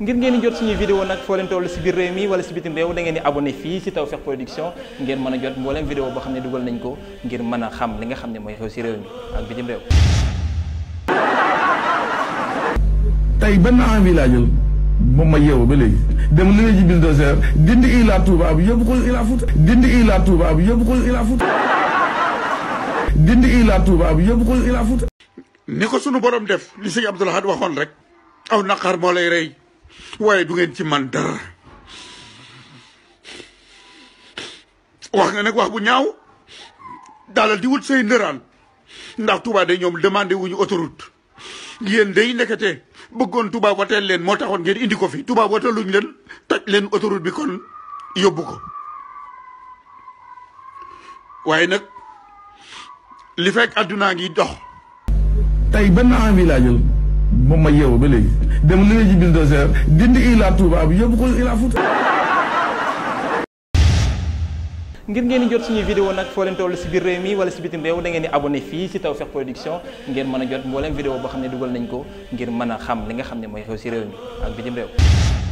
ngir ngeen jot suñuy vidéo nag foo leen toll si biir réew mi wala si bitim réew da ngeen di abonné fii si Tawfekh Production ngeen mën a jot mbooleem vidéo boo xam ne dugal nañ ko ngir mën a xam li nga xam ne mooy xew si réew mi ak bitim réew tey benn envie laa jël moom ma yeewu ba léegi dem li na ji bulldozer dindi Ila Touba bi yóbbu ko Ila Fouta dindi Ila Touba bi yóbbu ko ko Ila Fouta ni ko sunu borom def li sëñ Abdoul Ahad waxoon rek aw naqar moo lay rey waaye du ngeen ci man dara wax nga nag wax bu ñaaw dalal di wut say ndëraan ndax Touba day ñoom demandé wuñu autoroute yéen day nekkate bëggoon Touba wateel leen moo taxoon ngeen indi ko fi Touba wataluñ leen toj leen autoroute bi kon yóbbu ko waaye nag li fekk addunaa ngi dox tey benn envie laa ba ma yeewu ba léegi dem na ji bulldozer dindi Ila Touba bi yóbbu ko ngir ngeen jot suñuy vidéo nag foo leen si biir réew mi wala si bitim réew da ngeen di abonné fii si taw Tawfekh Production ngeen mën a jot mbooleem vidéo boo xam ne dugal nañ ko ngir mën a xam li nga xam ne mooy xew si réew mi ak bitim réew.